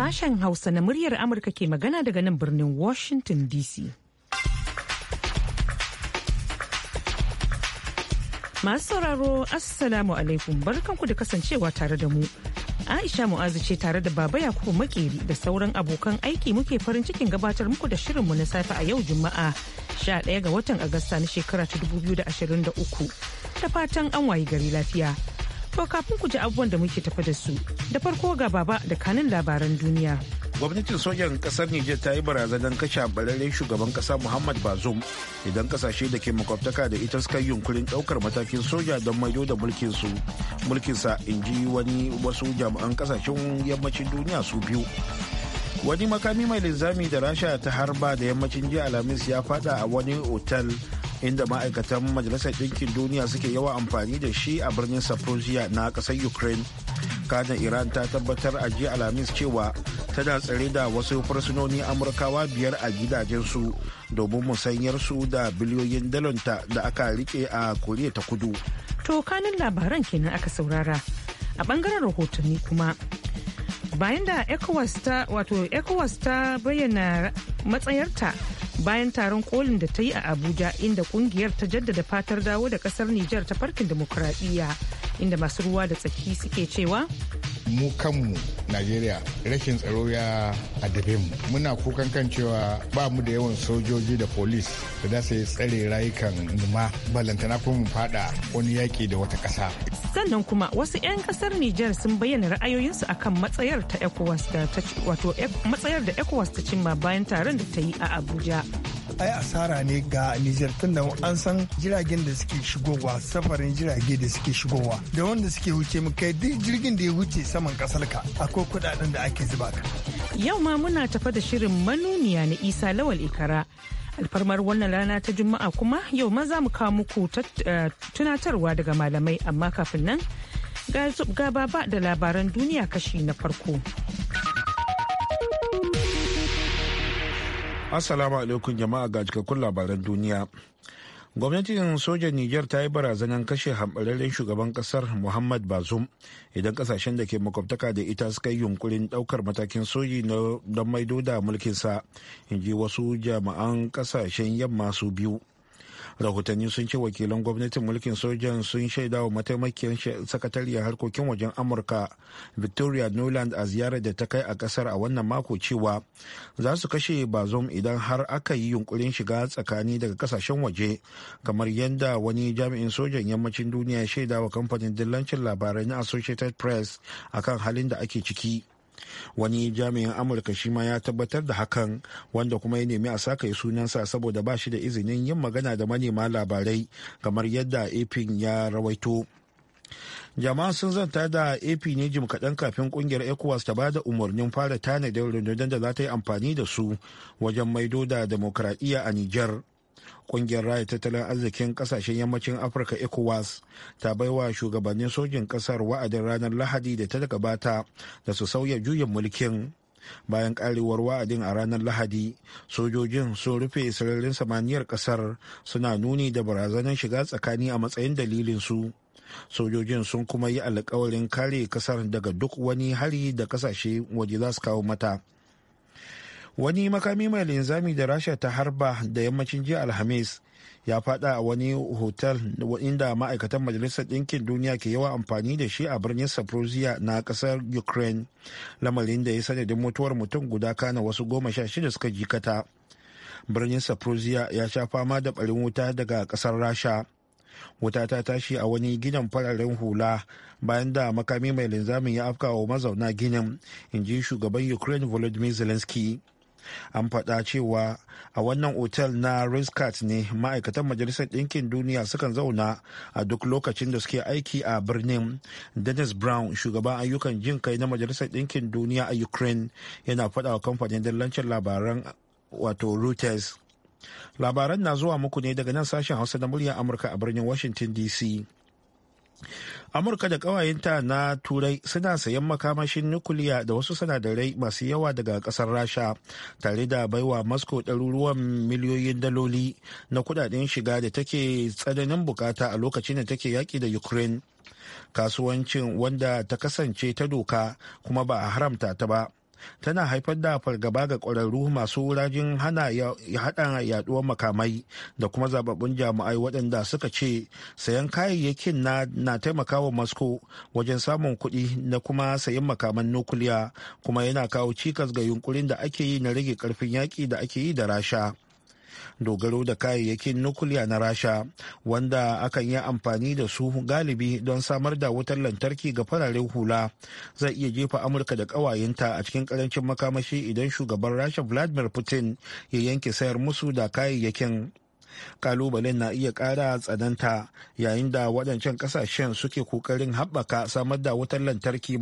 Sashen Hausa na muryar Amurka ke magana daga nan birnin Washington DC. Masu sauraro Assalamu alaikum barkanku da kasancewa tare da mu. Aisha Mu'azu ce tare da Baba Yakubu Makeri da sauran abokan aiki muke farin cikin gabatar muku da shirinmu na safe a yau Juma'a 11 ga watan Agusta na shekara ta 2023. Ta fatan an wayi gari lafiya. To kafin ku ji abubuwan da muke tafa da su, da farko ga baba da kanin labaran duniya. Gwamnatin sojan kasar Nijar ta yi barazanar kashe bararren shugaban kasa Muhammad Bazoum idan kasashe da ke makwabtaka da ita suka yi yunkurin daukar matakin soja don maido da mulkin su mulkinsa in ji wani wasu jami'an kasashen yammacin duniya su biyu. Wani makami mai linzami da Rasha ta harba da yammacin jiya Alhamis ya fada a wani otal inda ma'aikatan majalisar ɗinkin duniya suke yawa amfani da shi a birnin saprosia na ƙasar ukraine kana iran ta tabbatar a jiya alhamis cewa tana tsare da wasu fursunoni amurkawa biyar a gidajensu domin musanyar su da biliyoyin dalonta da aka rike a koriya ta kudu to kanin labaran kenan aka saurara a bangaren rahotanni kuma bayan da ecowas ta bayyana matsayarta bayan taron kolin da ta yi a abuja inda kungiyar ta jaddada fatar dawo da kasar nijar ta farkin demokuraɗiyya inda masu ruwa da tsaki suke cewa mu kanmu najeriya rashin tsaro ya addabe mu muna kukan kan cewa ba mu da yawan sojoji da polis da za su tsare rayukan numa balantana ko mu fada wani yaƙi da wata ƙasa sannan kuma wasu 'yan ƙasar niger sun bayyana ra'ayoyinsu akan matsayar ta ecowas da ta wato e-, matsayar da ecowas ta cimma bayan taron da ta yi a abuja ai asara ne ga Nijar tun an san jiragen da suke shigowa safarin jirage da suke shigowa da wanda suke huce mu kai duk jirgin da ya huce saman kasar ka akwai kudaden da ake zuba ka. Yau ma muna tafa da shirin manuniya na Isa Lawal Ikara. alfarmar wannan rana ta juma'a kuma yau ma za mu kawo muku eh, tunatarwa daga malamai amma kafin nan ga baba da labaran duniya kashi na farko. Assalamu alaikum jama'a ga cikakkun labaran duniya. Gwamnatin sojan Nijar ta yi barazanar kashe hambararren shugaban kasar Muhammad Bazoum idan kasashen da ke makwabtaka da ita suka yi yunkurin ɗaukar matakin soji don maido da mulkinsa, in ji wasu jami'an kasashen yamma su biyu. rahotanni sun ce wakilan gwamnatin mulkin sojan sun shaida wa mataimakiyar sakatariyar harkokin wajen amurka victoria noland a ziyarar da ta kai a kasar a wannan mako cewa za su kashe bazom idan har aka yi yunkurin shiga tsakani daga kasashen waje kamar yadda wani jami'in sojan yammacin duniya shaida wa kamfanin dillancin labarai na associated press akan halin da ake ciki wani jami'in amurka shi ma ya tabbatar da hakan wanda kuma ya nemi a saka ya sunansa saboda ba shi da izinin yin magana da manema labarai kamar yadda ap ya rawaito jama'a sun zanta da ap ne jim kaɗan kafin ƙungiyar ecowas ta ba da umarnin fara tanadin rundunar da za ta yi amfani da su wajen maido da demokradiyya a niger kungiyar raya tattalin arzikin kasashen yammacin afirka ecowas ta bai wa shugabannin sojin kasar wa'adin ranar lahadi da ta gabata da su sauya juyin mulkin bayan karewar wa'adin a ranar lahadi sojojin sun rufe sararin samaniyar kasar suna nuni da barazanar shiga tsakani a matsayin dalilinsu sojojin sun kuma yi alkawarin kare kasar daga duk wani hari da kasashe waje za su kawo mata wani makami mai linzami da rasha ta harba da yammacin jiya alhamis ya fada a wani hotel inda ma'aikatan majalisar ɗinkin duniya ke yawa amfani da shi a birnin saprosia na ƙasar ukraine lamarin da ya sanadin mutuwar mutum guda kana wasu goma sha shida suka jikata birnin saprosia ya sha fama da ɓarin wuta daga ƙasar rasha wuta ta tashi a wani ginin fararen hula bayan da makami mai linzamin ya afkawa mazauna ginin in ji shugaban ukraine volodymyr zelensky an faɗa cewa a wannan otel na rinskat ne ma'aikatan majalisar ɗinkin duniya sukan zauna a duk lokacin da suke aiki a birnin dennis brown shugaban ayyukan jin kai na majalisar ɗinkin duniya a ukraine yana faɗa wa kamfanin dillancin labaran wato reuters labaran na zuwa muku ne daga nan sashen hausa na murya amurka a birnin washington dc amurka da ƙawayenta na turai suna sayan makamashin nukiliya da wasu sinadarai masu yawa daga ƙasar rasha tare da baiwa moscow ɗaruruwan miliyoyin daloli na kudaden shiga da take tsananin bukata a lokacin da take yaƙi da ukraine kasuwancin wanda ta kasance ta doka kuma ba a haramta ta ba tana haifar da fargaba ga ƙwararru masu rajin hana haɗa yaɗuwar makamai da kuma zababbun jami'ai waɗanda suka ce sayan kayayyakin na na taimakawa masko wajen samun kuɗi na kuma sayan makaman nukuliya kuma yana kawo cikas ga yunkurin da ake yi na rage ƙarfin yaƙi da ake yi da rasha. dogaro da kayayyakin nukuliya na rasha wanda akan yi amfani da su galibi don samar da wutar lantarki ga fararen hula zai iya jefa amurka da ƙawayenta a cikin karancin makamashi idan shugaban rasha vladimir putin ya yanke sayar musu da kayayyakin kalubalen na iya kara tsananta yayin da waɗancan kasashen suke kokarin haɓaka samar da wutar lantarki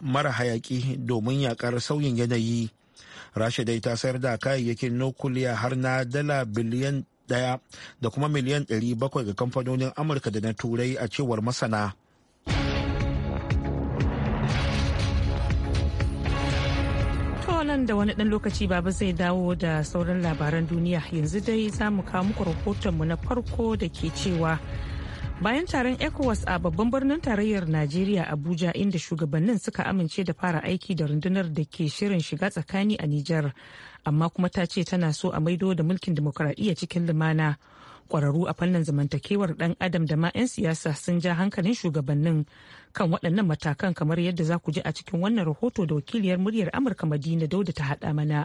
mara hayaƙi domin yaƙar sauyin yanayi rasha dai ta sayar da kayayyakin nukuliya har na dala biliyan daya da kuma miliyan 700 ga kamfanonin amurka da na turai a cewar masana da wani dan lokaci baba zai dawo da sauran labaran duniya yanzu dai zamu kawo muku rahotonmu na farko da ke cewa bayan taron ecowas a babban birnin tarayyar najeriya abuja inda shugabannin suka amince da fara aiki da rundunar da ke shirin shiga tsakani a nijar amma kuma ta ce tana so a maido da mulkin demokuraɗiyya cikin lumana kwararru a fannin zamantakewar dan adam da ma 'yan siyasa sun ja hankalin shugabannin kan waɗannan matakan kamar yadda za ku ji a cikin wannan rahoto da wakiliyar muryar amurka madina dauda ta haɗa mana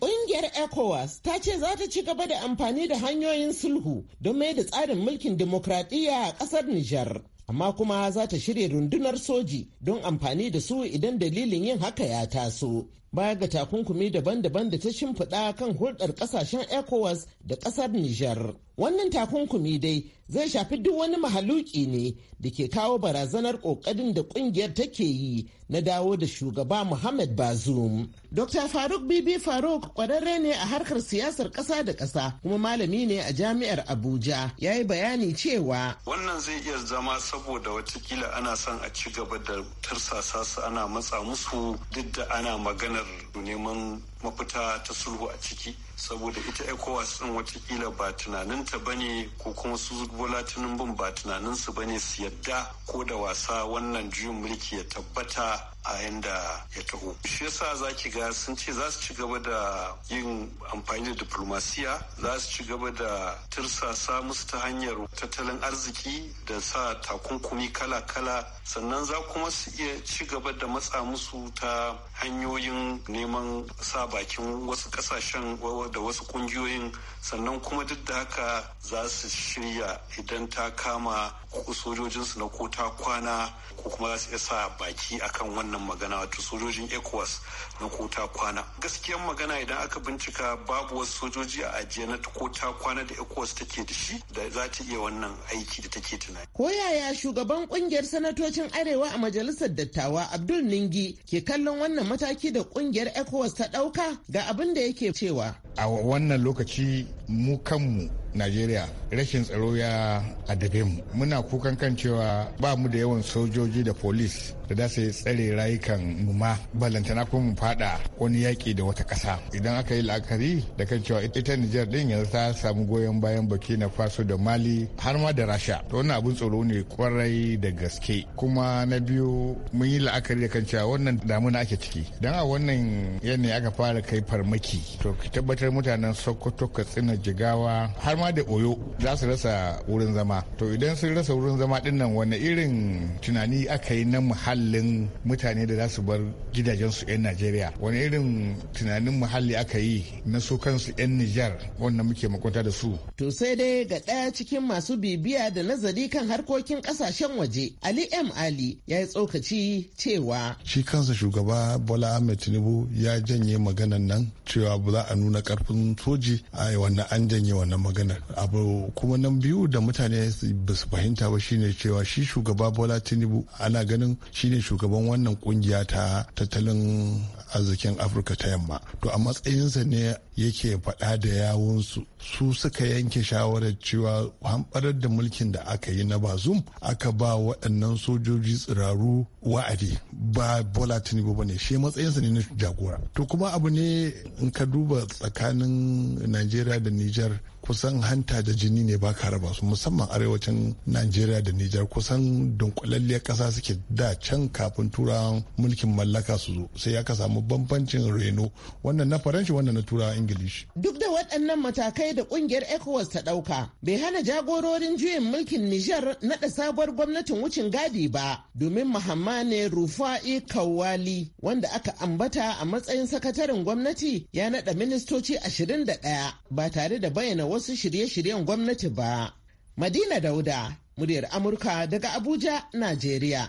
Ƙungiyar ECOWAS ta ce za ta ci gaba da amfani da hanyoyin sulhu don mai da tsarin mulkin demokradiyya a ƙasar Nijar. Amma kuma za ta shirya rundunar soji don amfani da su idan dalilin yin haka ya taso. baya ga takunkumi daban-daban da ta shimfiɗa kan hulɗar ƙasashen ecowas da ƙasar nijar wannan takunkumi dai zai shafi duk wani mahaluki ne da ke kawo barazanar ƙoƙarin da ƙungiyar take yi na dawo da shugaba muhammad bazoum dr faruk bibi faruk ƙwararre ne a harkar siyasar ƙasa da ƙasa kuma malami ne a jami'ar abuja ya yi bayani cewa wannan zai iya zama saboda watakila ana son a ci gaba da tarsasa su ana matsa musu duk da ana maganar neman mafita ta sulhu a ciki saboda ita ecowas din watakila ba tunaninta ba ne ko kuma su bola bin ba tunaninsu ba ne su yadda ko da wasa wannan juyin mulki ya tabbata a yanda ya taho shi yasa za ki ga sun ce za su ci gaba da yin amfani da diplomasiya za su ci gaba da tirsasa musu ta hanyar tattalin arziki da sa takunkumi kala-kala sannan za kuma su iya ci gaba da matsa musu ta hanyoyin neman sa bakin wasu kasashen da wasu kungiyoyin sannan kuma duk da haka za su shirya idan ta kama sojojinsu na ko ta kwana ko kuma za su iya sa baki akan wannan wannan magana wato sojojin ecowas na kota kwana gaskiyan magana idan aka bincika babu wasu sojoji a ajiye na kota kwana da ecowas take da shi da za ta iya wannan aiki da take tunani ko yaya shugaban kungiyar sanatocin arewa a majalisar dattawa abdul ningi ke kallon wannan mataki da kungiyar ecowas ta dauka ga abin da yake cewa a wannan lokaci mu kanmu najeriya rashin tsaro ya adabe mu muna kukan kan cewa ba mu da yawan sojoji da polis da za su tsare rayukan mu ma balantana ko mu fada wani yaƙi da wata ƙasa idan aka yi la'akari da kan cewa ita nijar din yanzu ta samu goyon bayan Baki na faso da mali har ma da rasha to wannan abin tsoro ne kwarai da gaske kuma na biyu mun yi la'akari da kan cewa wannan damuna ake ciki dan a wannan yanayi aka fara kai farmaki to ki tabbatar sai mutanen sokoto katsina jigawa har ma da oyo za su rasa wurin zama to idan sun rasa wurin zama din nan wani irin tunani aka yi na muhallin mutane da za su bar gidajensu 'yan najeriya wani irin tunanin muhalli aka yi na su kansu 'yan nijar wannan muke makwanta da su to sai dai ga ɗaya cikin masu bibiya da nazari kan harkokin ƙasashen waje ali m ali ya yi tsokaci cewa shi kansa shugaba bola ahmed tinubu ya janye maganan nan cewa ba za a nuna karfin soji a wannan an janye wannan magana abu kuma nan biyu da mutane ba su fahimta ba shine cewa shi shugaba bola tinubu ana ganin shine shugaban wannan kungiya ta tattalin arzikin afirka ta yamma to a matsayinsa ne yake faɗa da yawunsu su suka yanke shawarar cewa hamɓarar da mulkin da aka yi na bazum aka ba waɗannan sojoji tsiraru wa'adi ba bola tinubu ba ne shi matsayinsa ne na jagora to kuma abu ne in ka duba tsakanin najeriya da niger. kusan hanta da jini ne ba ka raba su musamman arewacin najeriya da nijar kusan dunkulalliyar kasa suke da can kafin turawan mulkin mallaka su zo sai ya ka samu bambancin reno wannan na faranshi wannan na turawan ingilishi duk da waɗannan matakai da ƙungiyar ecowas ta ɗauka bai hana jagororin juyin mulkin nijar naɗa sabuwar gwamnatin wucin gadi ba domin muhammane rufa'i kawali wanda aka ambata a matsayin sakataren gwamnati ya naɗa ministoci 21 ba tare da bayyana wasu shirye-shiryen gwamnati ba. Madina Dauda, muryar Amurka daga Abuja, Najeriya.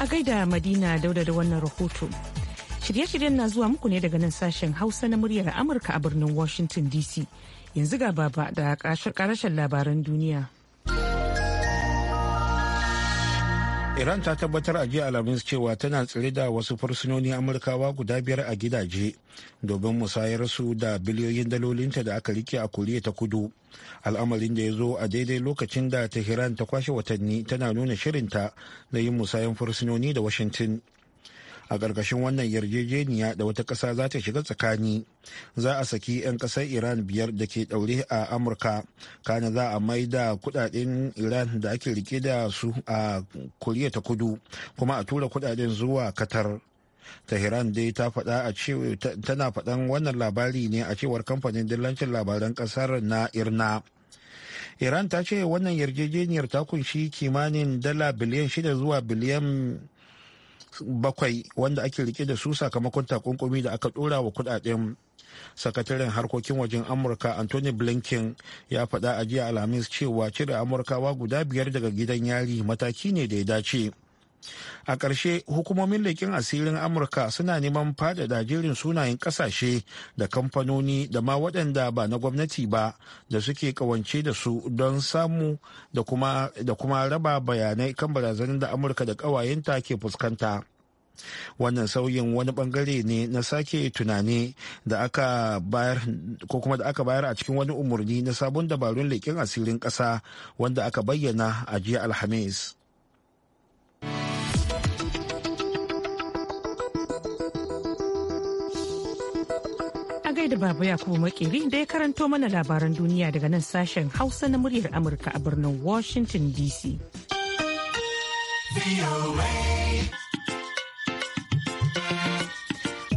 A gaida Madina Dauda da wannan rahoto. Shirye-shiryen na zuwa muku ne daga nan sashen Hausa na muryar Amurka a birnin Washington DC. Yanzu ga baba da karashen labaran duniya. Iran ta tabbatar a jiya Alhamis cewa tana tsire da wasu fursunoni Amurkawa guda biyar a gidaje domin musayar su da biliyoyin dalolinta da aka rike a Koriya ta Kudu. Al'amarin da ya zo a daidai lokacin da Tehran ta kwashe watanni tana nuna shirinta da yin musayan fursunoni da Washington. a ƙarƙashin wannan yarjejeniya da wata ƙasa za ta shiga tsakani za a saki 'yan ƙasar iran biyar da ke ɗaure a amurka kana za a mai da kudaden iran da ake rike da su a koriya ta kudu kuma a tura kudaden zuwa katar tehran dai ta faɗa a tana faɗan wannan labari ne a cewar kamfanin dillancin labaran ƙasar na irna iran ta ce wannan yarjejeniyar ta kunshi kimanin dala biliyan shida zuwa biliyan bakwai wanda ake rike da su sakamakon takunkumi da aka dora wa kudaden sakataren harkokin wajen amurka anthony blinken ya faɗa a jiya alhamis cewa cire amurkawa guda biyar daga gidan yari mataki ne da ya dace a ƙarshe hukumomin leƙen asirin amurka suna neman faɗaɗa jerin sunayen ƙasashe da kamfanoni da ma waɗanda ba na gwamnati ba da suke ƙawance da su don samu da kuma, raba bayanai kan barazanin da amurka da ƙawayenta ke fuskanta wannan sauyin wani bangare ne na sake tunani da aka bayar ko kuma da aka bayar a cikin wani umarni na sabon dabarun leƙen asirin ƙasa wanda aka bayyana a jiya alhamis da Baba Yakubu Makeri da ya karanto mana labaran duniya daga nan sashen Hausa na muryar Amurka a birnin Washington DC.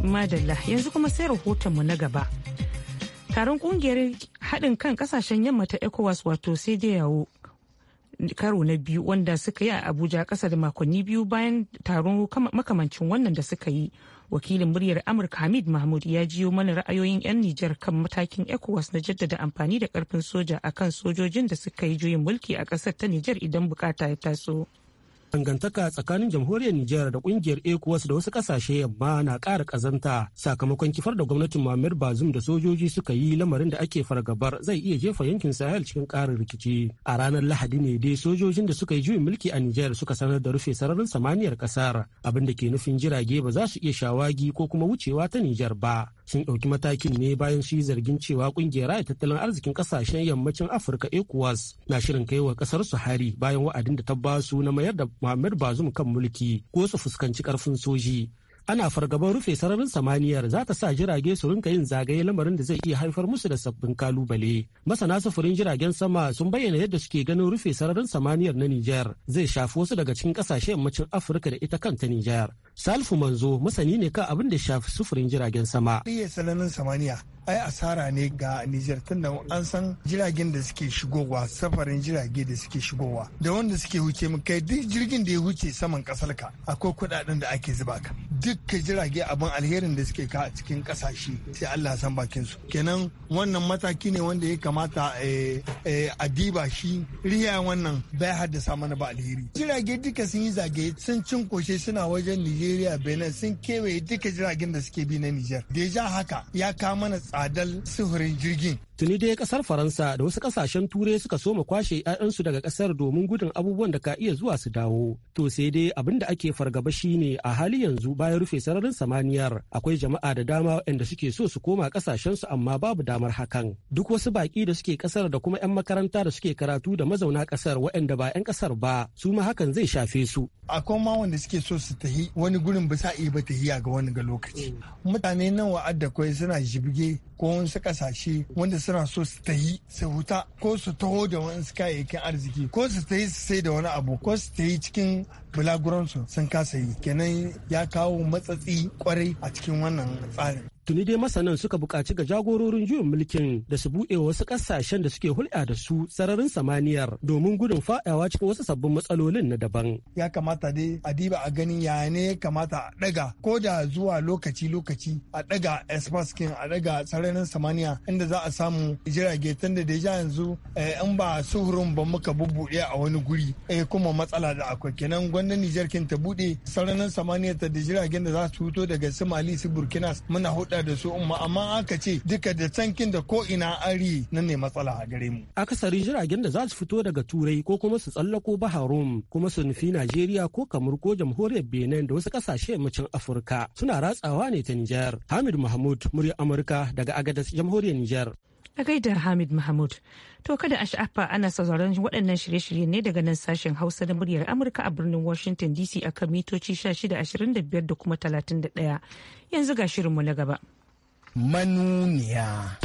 Madalla yanzu kuma sai rahotonmu na gaba. Taron kungiyar haɗin kan kasashen yamma ta ECOWAS wato sai da yawo karo na biyu wanda suka yi a Abuja ƙasa da makonni biyu bayan taron makamancin wannan da suka yi. wakilin muryar amurka hamid mahmud ya jiyo mana ra'ayoyin 'yan nijar kan matakin ecowas na jaddada amfani da karfin soja akan sojojin da suka yi juyin mulki a kasar ta nijar idan bukata ya taso dangantaka tsakanin jamhuriyar Nijar da kungiyar ECOWAS da wasu kasashe yamma na ƙara ƙazanta sakamakon kifar da gwamnatin Muammar Bazum da sojoji suka yi lamarin da ake fargabar zai iya jefa yankin Sahel cikin ƙarin rikici. A ranar Lahadi ne dai sojojin da suka yi juyin mulki a Nijar suka sanar da rufe sararin samaniyar ƙasar abin da ke nufin jirage ba za su iya shawagi ko kuma wucewa ta Nijar ba. sun ɗauki matakin ne bayan shi zargin cewa kungiyar raya tattalin arzikin ƙasashen yammacin afirka ecowas na shirin kai wa kasar su hari bayan wa'adin da ta basu na mayar da muhammad bazum kan mulki ko su fuskanci karfin soji ana fargabar rufe sararin samaniyar za ta sa jirage su rinka yin zagaye lamarin da zai iya haifar musu da sabbin kalubale masana sufurin jiragen sama sun bayyana yadda suke ganin rufe sararin samaniyar na nijar zai shafi wasu daga cikin kasashe yammacin afirka da ita kanta nijar salfu manzo masani ne kan abin da shafi sufurin jiragen sama ai asara ne ga Nijar tunda an san jiragen da suke shigowa safarin jirage da suke shigowa da wanda suke huce mu kai duk jirgin da ya huce saman kasar ka akwai kuɗaɗen da ake zuba ka dukkan jirage abin alherin da suke ka cikin kasashe sai Allah san bakin su kenan wannan mataki ne wanda ya kamata eh, eh, a diba shi riya wannan bai haddasa mana ba alheri jirage duka sun yi zage sun cin suna wajen Nijeriya Benin sun kewaye duka jiragen da suke bi na Nijar da ya ja haka ya kawo mana Adal suhurin jirgin tuni dai kasar faransa da wasu kasashen turai suka soma kwashe 'ya'yansu daga kasar domin gudun abubuwan da ka iya zuwa su dawo to sai dai abin da ake fargaba shine a hali yanzu bayan rufe sararin samaniyar akwai jama'a da dama waɗanda suke so su koma kasashensu amma babu damar hakan duk wasu baki da suke kasar da kuma 'yan makaranta da suke karatu da mazauna kasar waɗanda ba 'yan kasar ba su ma hakan zai shafe su akwai ma wanda suke so su tahi wani gurin ba sa iya ba tahiya ga wani ga lokaci mm. mutane nan wa'adda kwai suna jibge ko wasu kasashe wanda suna so su ta yi su huta ko su taho da wani kayayyakin arziki ko su ta yi su sai da wani abu ko su ta yi cikin bulaguransu sun kasa yi kenan ya kawo matsatsi kwarai a cikin wannan tsarin Tuni dai masanan suka bukaci ga jagororin juyin mulkin da su buɗe wasu kasashen da suke hulɗa da su sararin samaniyar domin gudun faɗawa cikin wasu sabbin matsalolin na daban. Ya kamata dai a diba a ganin ya ne kamata a ɗaga ko da zuwa lokaci-lokaci a ɗaga espaskin a ɗaga sararin samaniya inda za a samu jirage tun da deja yanzu eh, in ba suhurin ba muka bubbuɗe a wani guri eh, kuma matsala da akwai kenan gwamnan Nijar kin ta buɗe sararin samaniya ta da jiragen da za su fito daga Somali su Burkina muna huɗa hulɗa da su umma amma aka ce duka da tankin da ko ina ari nan ne matsala a gare mu akasarin jiragen da za su fito daga turai ko kuma su tsallako baharum kuma su nufi najeriya ko kamar ko jamhuriyar benin da wasu kasashe yammacin afirka suna ratsawa ne ta nijar hamid mahmud murya amurka daga agadas jamhuriyar nijar A gaida Hamid Mahmud. To kada a sha'afa ana sauraron waɗannan shirye-shirye ne daga nan sashen Hausa na muryar Amurka a birnin Washington DC a kan mitoci 1625 da kuma 31. Yanzu ga shirinmu na gaba. Manuniya.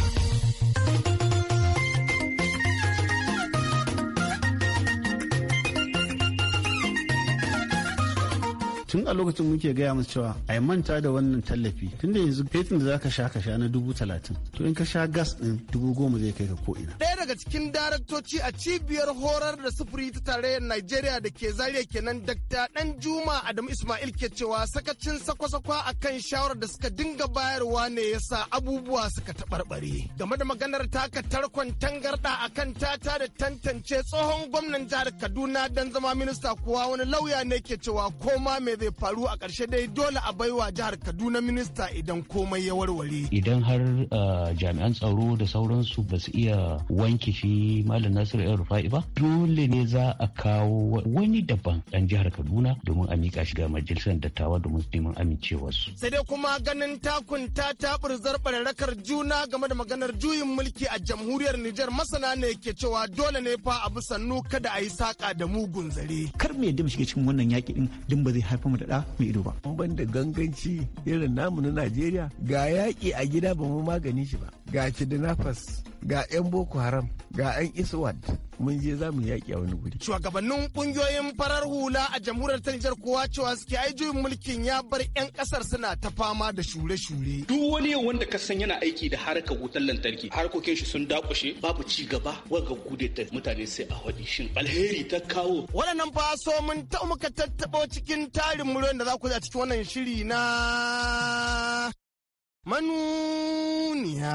tun a lokacin muke gaya musu cewa ai manta da wannan tallafi tun da yanzu fetin da zaka sha ka sha na dubu talatin to in ka sha gas din dubu goma zai kai ka ko ina ɗaya daga cikin daraktoci a cibiyar horar da sufuri ta tarayyar Najeriya da ke zariya kenan Dakta Dan Juma Adamu Ismail ke cewa sakacin sakwasakwa sakwa kan shawarar da suka dinga bayarwa ne yasa abubuwa suka taɓarɓare game da maganar taka tarkon tangarɗa akan tata da tantance tsohon gwamnan jihar Kaduna dan zama minista kuwa wani lauya ne ke cewa koma mai zai faru a ƙarshe dai dole a baiwa jihar Kaduna minista idan komai ya warware. Idan har uh, jami'an tsaro da sauransu ba su iya wanke shi Malam Nasiru El Rufai ba, dole ne za a kawo wani daban ɗan jihar Kaduna domin a miƙa shi ga majalisar dattawa domin neman amincewarsu. Sai dai kuma ganin takunta ta burzar rakar juna game da maganar juyin mulki a jamhuriyar Nijar masana ne ke cewa dole ne fa a sannu kada a yi saƙa da mugun zare. Kar me yadda shiga cikin wannan yaƙi ɗin din ba zai haifar mu da ɗa mai ido ba. Mun ban da ganganci irin namu na Najeriya ga yaƙi a gida ba mu magani shi ba. Ga kidnappers, ga 'yan Boko Haram, ga 'yan Iswad. mun je za mu yaƙi a wani guri. Shugabannin ƙungiyoyin farar hula a jamhuriyar ta Nijar kowa cewa suke ai juyin mulkin ya bar 'yan kasar suna ta fama da shure-shure. Duk wani yau wanda ka san yana aiki da harkar wutar lantarki harkokin shi sun dakushe babu ci gaba waga gude ta mutane sai a haɗi shin alheri ta kawo. Waɗannan fa so mun ta muka tattaɓo cikin tarin irin muryoyin da za ku a cikin wannan shiri na manuniya.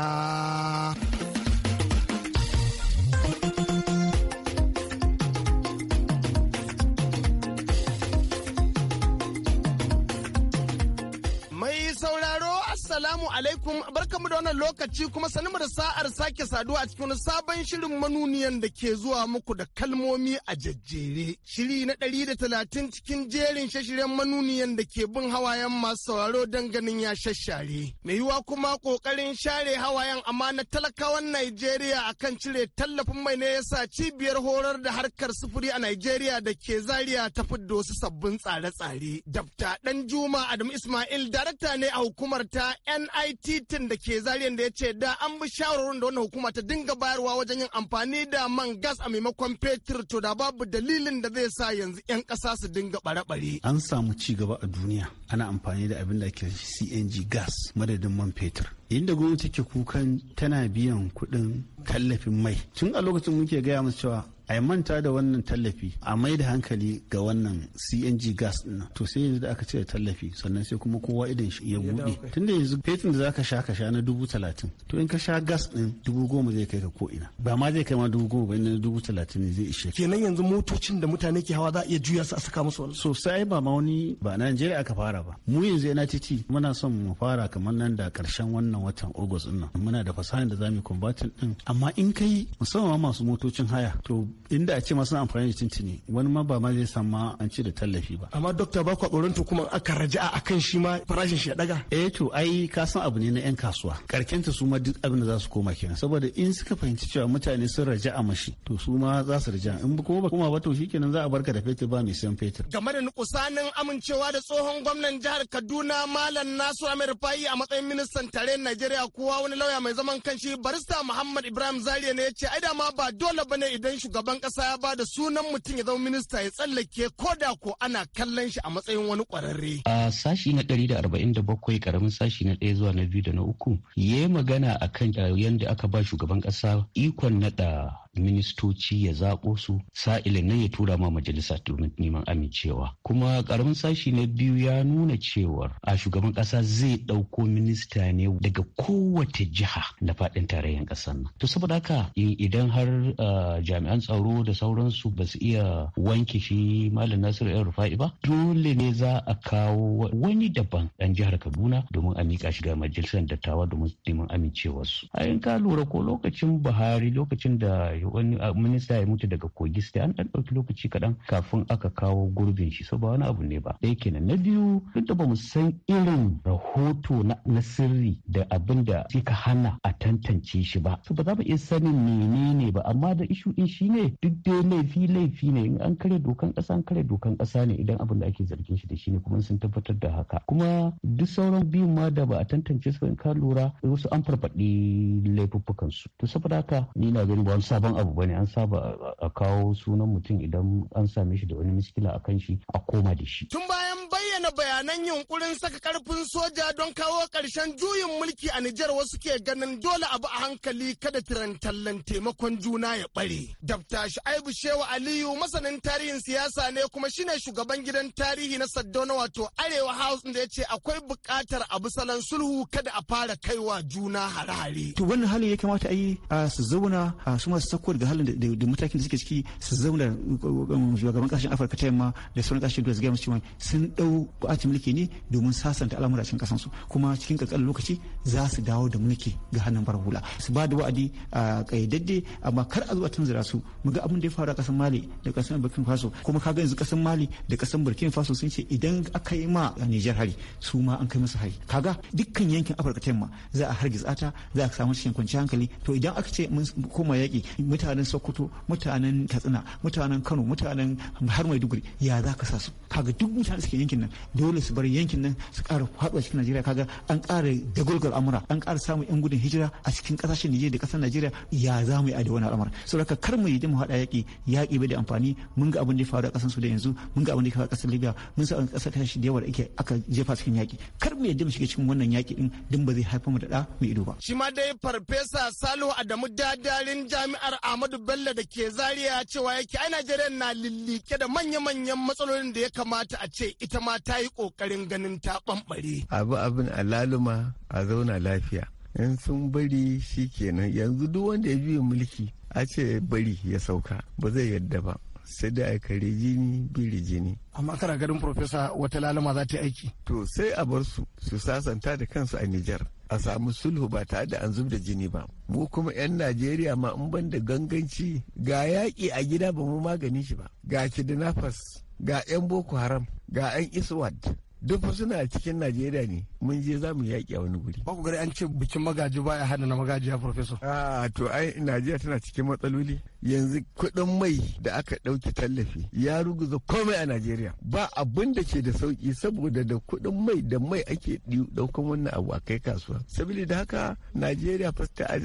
mu da wannan lokaci kuma sani mu da sa'ar sake saduwa a cikin sabon shirin manuniyan da ke zuwa muku da kalmomi a jajjere. Shiri na ɗari da talatin cikin jerin shashiren manuniyan da ke bin hawayen masu sauraro don ganin ya shashare. Mai yiwa kuma ƙoƙarin share hawayen amma na talakawan Najeriya akan cire tallafin mai ne yasa cibiyar horar da harkar sufuri a Najeriya da ke zariya ta fidda wasu sabbin tsare-tsare. Dabta juma adamu Ismail darakta ne a hukumar ta NITT da ke ke zariyan da ya ce da an bi shawarwarin da wannan hukuma ta dinga bayarwa wajen yin amfani da man gas a maimakon fetur to da babu dalilin da zai sa yanzu 'yan kasa su dinga bare-bare. An samu ci gaba a duniya ana amfani da abin da ke CNG gas madadin man fetur. inda gwamnati ke kukan tana biyan kuɗin tallafin mai tun a lokacin muke gaya musu cewa a manta da wannan tallafi a mai da hankali ga wannan cng gas din to sai yanzu da aka cire tallafi sannan sai kuma kowa idan shi ya bude tunda yanzu fetin da zaka sha ka sha na dubu talatin to in ka sha gas din dubu goma zai kai ka ko ina ba ma zai kai ma dubu goma ba ina dubu talatin ne zai ishe kenan yanzu motocin da mutane ke hawa za a iya juya su a saka musu wani sosai ba ma wani ba na najeriya aka fara ba mu yanzu yana titi muna son mu fara kamar nan da karshen wannan watan august din nan muna da fasahar da zamu yi combatant din amma in kai musamman masu motocin haya to inda a ce masu amfani da tintini wani ma ba ma zai samu ma an ci da tallafi ba amma dokta ba kwa tsoron kuma aka raja a kan shi ma farashin shi ya daga eh to ai ka san abu ne na yan kasuwa karkenta su ma duk abin da za su koma kenan saboda in suka fahimci cewa mutane sun raja a mashi to su ma za su raja in kuma ba kuma ba to shikenan za a barka da fetur ba mai san fetur game da nukusanin amincewa da tsohon gwamnan jihar Kaduna Malam Nasu Amir Fayi a matsayin ministan tare Najeriya kowa wani lauya mai zaman kanshi barista Muhammad Ibrahim Zariya ne ya ce ai da ma ba dole bane idan shugaban shugaban kasa ya ba da sunan mutum ya zama minista ya tsallake ko da ko ana kallon shi a matsayin wani kwararre. A sashi na ɗari da arba'in da bakwai karamin sashi na ɗaya zuwa na biyu da na uku ya yi magana akan uh, yadda aka ba shugaban kasa ikon naɗa ministoci ya zaɓo su sa'ilin nan ya tura ma majalisa domin neman amincewa kuma karamin sashi na biyu ya nuna cewar a shugaban ƙasa zai ɗauko minista ne daga kowace jiha na faɗin tarayyar ƙasar nan to saboda haka idan har uh, jami'an tsaro da sauransu ba su iya wanke shi malam nasiru yan rufa'i ba dole ne za a kawo wani daban ɗan jihar kaduna domin a miƙa shi ga majalisar dattawa domin neman amincewarsu a ka lura ko lokacin buhari lokacin da wani minista ya mutu daga kogi sai an dan ɗauki lokaci kaɗan kafin aka kawo gurbin shi so ba wani abu ne ba dai kenan na biyu duk da bamu san irin rahoto na sirri da abin da suka hana a tantance shi ba so ba za mu iya sanin menene ba amma da ishu din shi ne duk dai laifi laifi ne in an kare dokan ƙasa an kare dokan ƙasa ne idan abin da ake zargin shi da shi ne kuma sun tabbatar da haka kuma duk sauran biyun ma da ba a tantance su in ka lura wasu an farfaɗi laifuffukan su to saboda haka ni na gani ba wani sabon abu bane an saba a kawo sunan mutum idan an same shi da wani miskila a kan shi a koma da shi. Tun bayan bai mana bayanan yunkurin saka karfin soja don kawo ƙarshen juyin mulki a Nijar wasu ke ganin dole abu a hankali kada tirantallan taimakon juna ya bare Dabta Shu'aibu Shehu Aliyu masanin tarihin siyasa ne kuma shine shugaban gidan tarihi na Saddona wato Arewa House da ya ce akwai buƙatar abu salon sulhu kada a fara kaiwa juna harare. To wannan halin ya kamata a yi su zauna su masu sako daga halin da matakin da suke ciki su zauna um, shugaban ƙasashen Afirka ta yamma da sauran ƙasashen da su gaya musu cewa sun dau. kwaci mulki ne domin sasanta al'amura cikin kasan su kuma cikin kankanin lokaci za su dawo da mulki ga hannun bar hula su ba da wa'adi a ƙayyadadde amma kar a zuwa tunzura su mu ga abin da ya faru a kasan mali da kasan burkina faso kuma kaga yanzu kasan mali da kasan burkina faso sun ce idan aka yi ma nijar hari su ma an kai musu hari kaga dukkan yankin afirka ta yamma za a hargitsa ta za a samu cikin kwanciyar hankali to idan aka ce mun koma yaƙi mutanen sokoto mutanen katsina mutanen kano mutanen har maiduguri ya za ka sa su kaga duk mutanen suke yankin nan dole su bar yankin nan su ƙara faɗuwa cikin najeriya kaga an ƙara dagulgar amura an ƙara samun yan gudun hijira a cikin ƙasashen Nijeriya da ƙasar najeriya ya za mu yi a da wani al'amar saboda kar mu yi mu haɗa yaƙi yaƙi bai da amfani mun ga abin da ya faru a ƙasar su da yanzu mun ga abin da ya faru a ƙasar libya mun sa ƙasar kashi da yawa da ake aka jefa cikin yaƙi kar mu yadda mu shiga cikin wannan yaƙi din din ba zai haifar mu da ɗa mu ido ba. shi ma dai farfesa salo adamu dadarin jami'ar ahmadu bello da ke zaria cewa yake ai najeriya na lillike da manya-manyan matsalolin da ya kamata a ce ita ma ta yi ƙoƙarin ganin ta ɓamɓare. Abu abin alaluma a zauna lafiya. In sun bari shi kenan yanzu duk wanda ya juya mulki a ce bari ya sauka ba zai yadda ba. sai da a kare jini biri jini. Amma kana ganin Profesa wata lalama za ta aiki. To sai a bar su su sasanta da kansu a Nijar. A samu sulhu ba tare da an zub da jini ba. Mu kuma 'yan Najeriya ma in ban da ganganci ga yaƙi a gida ba mu magani shi ba. Ga kidnappers ga 'yan boko haram ga 'yan iswad duk suna cikin najeriya ne mun je za mu yaƙi a wani guri. Baku gari an ce bikin magaji baya hana na magajiya farfesa. a ah, to ai najeriya tana cikin matsaloli yanzu kuɗin mai da aka ɗauki tallafi ya ruguza komai a najeriya ba abin da ke da sauki saboda da kuɗin mai da mai ake ɗaukan wannan abu a kai kasuwa sabili da haka najeriya fasta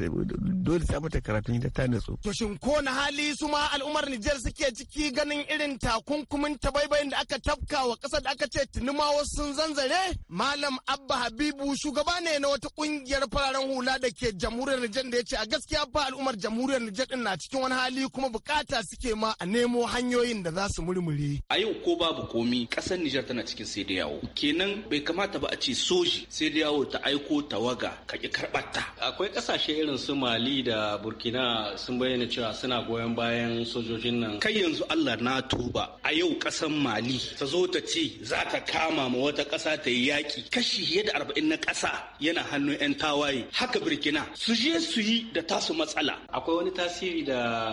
dole ta mata karatun da ta natsu. to shin ko na hali su ma al'ummar nijar suke ciki ganin irin takunkumin tabaibayin da aka tafka wa ƙasar da aka ce tuni sun zanzare malam abba habibu shugaba ne na wata ƙungiyar fararen hula da ke jamhuriyar nijar da ya ce a gaskiya ba al'ummar jamhuriyar nijar din na cikin wani hali kuma bukata suke ma a nemo hanyoyin da za su murmure. A yau ko babu komi ƙasar Nijar tana cikin sai da yawo. Kenan bai kamata ba a ce soji sai da yawo ta aiko tawaga ka ki karɓarta. Akwai ƙasashe irin su Mali da Burkina sun bayyana cewa suna goyon bayan sojojin nan. Kai yanzu Allah na tuba a yau ƙasar Mali ta zo ta ce za ta kama ma wata ƙasa ta yi yaƙi kashi fiye da arba'in na ƙasa yana hannun 'yan tawaye haka Burkina su je su yi da tasu matsala. Akwai wani tasiri da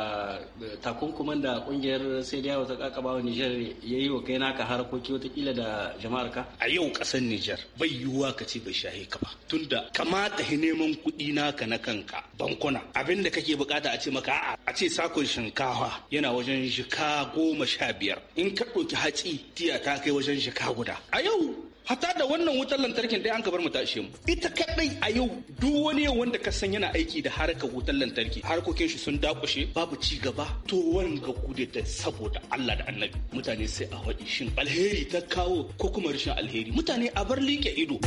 takunkuman da kungiyar sai da ta kakaba wa Nijar ya yi wa kai naka harkoki watakila da jama'ar ka? A yau kasar Nijar bai yiwuwa ka ce bai shahe ka ba. Tunda kamata hi neman kuɗi naka na kanka bankuna abin da kake bukata a ce maka a'a a ce sakon shinkawa yana wajen shika goma sha biyar in ka ɗauki hatsi tiya ta kai wajen shika guda. A yau hata da wannan wutar lantarkin dai an ka bar mu tashi mu ita kadai a yau duk wani yau wanda ka san yana aiki da harkar wutar lantarki harkokin shi sun dakushe babu ci gaba to wanga gude ta saboda Allah da Annabi mutane sai a waɗi shin alheri ta kawo ko kuma rashin alheri mutane a bar like ido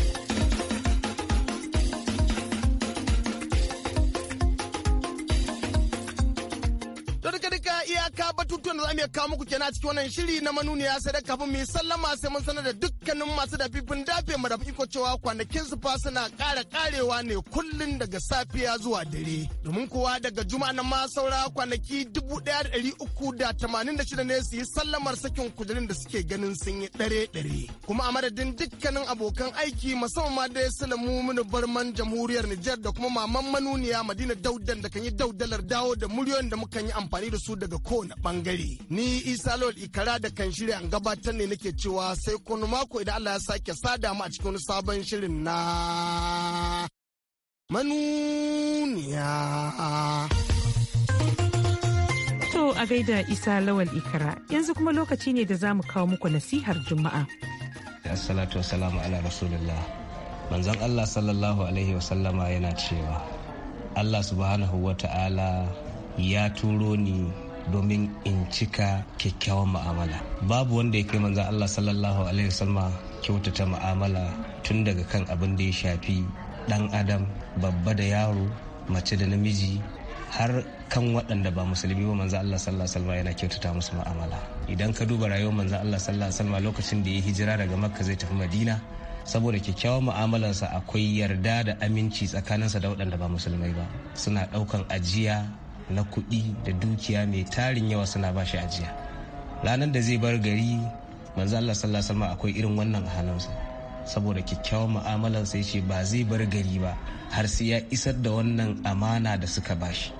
ga iyaka batutuwan da za mu iya kawo muku kenan a cikin wannan shiri na manuniya sai da kafin mu yi sallama sai mun sanar da dukkanin masu da fifin dafe mu da iko cewa kwanakin su fa suna ƙara ƙarewa ne kullun daga safiya zuwa dare. Domin kuwa daga juma na ma saura kwanaki dubu ɗaya da ɗari uku da tamanin da shida ne su yi sallamar sakin kudurin da suke ganin sun yi ɗare-ɗare. Kuma a madadin dukkanin abokan aiki musamman ma dai Sulamu Minu Barman Jamhuriyar Nijar da kuma maman manuniya Madina Daudan da kan yi daudalar dawo da muryoyin da muka yi amfani da su daga kowane bangare ni isa lawal ikara da kan shirya an gabatar ne nake cewa sai kwanu mako idan allah ya sake sada mu a cikin sabon shirin na manuniya to a gaida isa lawal ikara yanzu kuma lokaci ne da za mu kawo muku nasihar juma'a assalatu wassalamu ala Rasulullah. manzon allah sallallahu alaihi wasallama yana cewa allah subhanahu wa ta'ala ya turo ni domin in cika kyakkyawan ma'amala babu wanda ya kai manzan Allah sallallahu alaihi wasallam kyautata ma'amala tun daga kan abin da ya shafi dan adam babba da yaro mace da namiji har kan waɗanda ba musulmi ba manzan Allah sallallahu alaihi yana kyautata musu ma'amala idan ka duba rayuwar manzan Allah sallallahu alaihi lokacin da ya hijira daga Makka zai tafi Madina saboda kyakkyawan mu'amalarsa akwai yarda da aminci tsakaninsa da waɗanda ba musulmai ba suna ɗaukan ajiya na kuɗi da dukiya mai tarin yawa suna ba shi ajiya ranar da zai bar gari manzo Allah sallallahu alaihi wasallam akwai irin wannan a saboda kyakkyawan mu'amalar sai ce ba zai bar gari ba har sai ya isar da wannan amana da suka bashi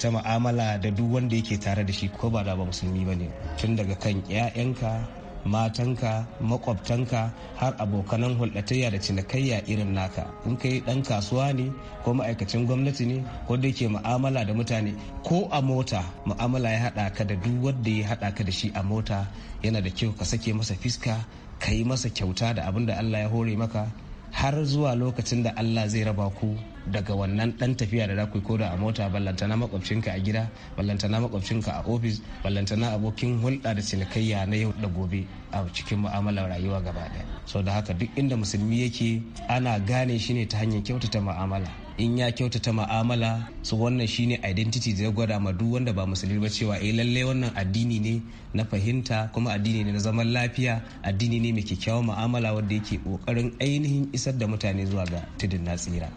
ta mu'amala da duk wanda yake tare da shi ko ba da ba musulmi bane tun daga kan 'ya'yanka matanka makwabtanka har abokanan hulɗatayya da cinikayya irin naka in kai ɗan kasuwa ne ko ma'aikacin gwamnati ne ko da ke mu'amala da mutane ko a mota mu'amala ya haɗa ka da duk wanda ya haɗa ka da shi a mota yana da kyau ka sake masa fiska ka yi masa kyauta da abin da Allah ya hore maka har zuwa lokacin da Allah zai raba ku daga wannan dan tafiya da zaku ko da a mota ballantana makwabcinka a gida ballantana makwabcinka a ofis ballantana abokin hulɗa da cinikayya na yau da gobe a cikin mu'amalar rayuwa gaba ɗaya so da haka duk inda musulmi yake ana gane shi ne ta hanyar kyautata mu'amala in ya kyautata mu'amala su wannan shine identity da ya gwada ma duk wanda ba musulmi ba cewa eh lalle wannan addini ne na fahimta kuma addini ne na zaman lafiya addini ne mai kyakkyawan mu'amala wanda yake kokarin ainihin isar da mutane zuwa ga tudun na tsira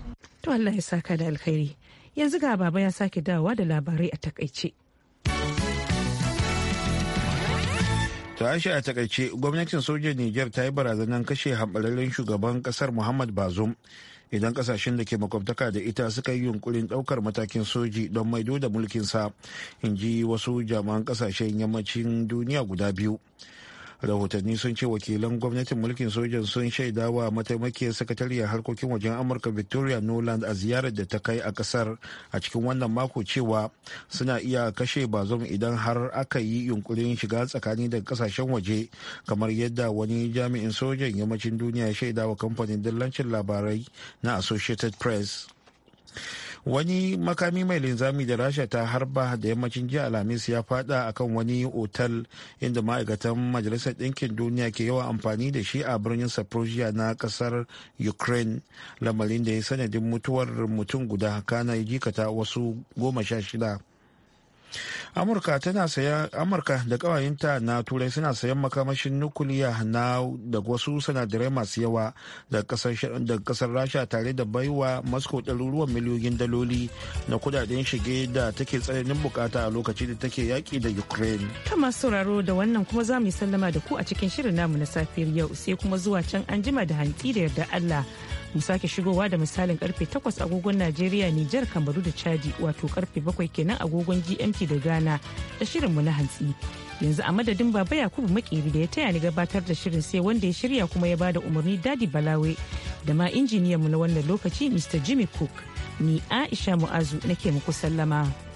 To Allah ya saka da alkhairi. Yanzu ga baba ya sake dawowa da labarai a takaice. ta ashe a takaice gwamnatin sojan niger ta yi barazanar kashe hambararren shugaban kasar muhammad bazoum idan kasashen da ke makwabtaka da ita suka yi yunkurin daukar matakin soji don maido da mulkinsa in ji wasu jami'an kasashen yammacin duniya guda biyu rahotanni sun ce wakilan gwamnatin mulkin sojan sun shaida wa mataimakiyar sakatariyar harkokin wajen amurka victoria noland a ziyarar da ta kai a kasar a cikin wannan mako cewa suna iya kashe bazom idan har aka yi yunkurin shiga tsakani daga kasashen waje kamar yadda wani jami'in sojan yammacin duniya shaida wa kamfanin dillancin labarai na associated press wani makami mai linzami da rasha ta harba da yammacin jiya alhamis ya fada akan wani otal inda ma'aikatan majalisar ɗinkin duniya ke yawan amfani da shi a birnin saprosia na ƙasar ukraine lamarin da ya sanadin mutuwar mutum guda kana jikata wasu goma sha shida amurka tana saya amurka da kawayenta na turai suna sayan makamashin nukuliya na da wasu sanadarai masu yawa da kasar rasha tare da baiwa moscow ɗaruruwan miliyoyin daloli na kudaden shige da take tsananin bukata a lokaci da take yaki da ukraine kama sauraro da wannan kuma za mu sallama da ku a cikin shirin namu na safiyar yau sai kuma zuwa can an jima da hanti da yarda allah mu sake shigowa da misalin karfe 8 agogon Najeriya Nijar Kamaru da Chadi wato karfe 7 kenan agogon GMT da Ghana da mu na hantsi. Yanzu a madadin Baba Yakubu Makeri da ya taya ni gabatar da shirin sai wanda ya shirya kuma ya bada umarni Dadi Balawe da ma mu na wannan lokaci Mr. Jimmy Cook. Ni Aisha Mu'azu nake muku sallama.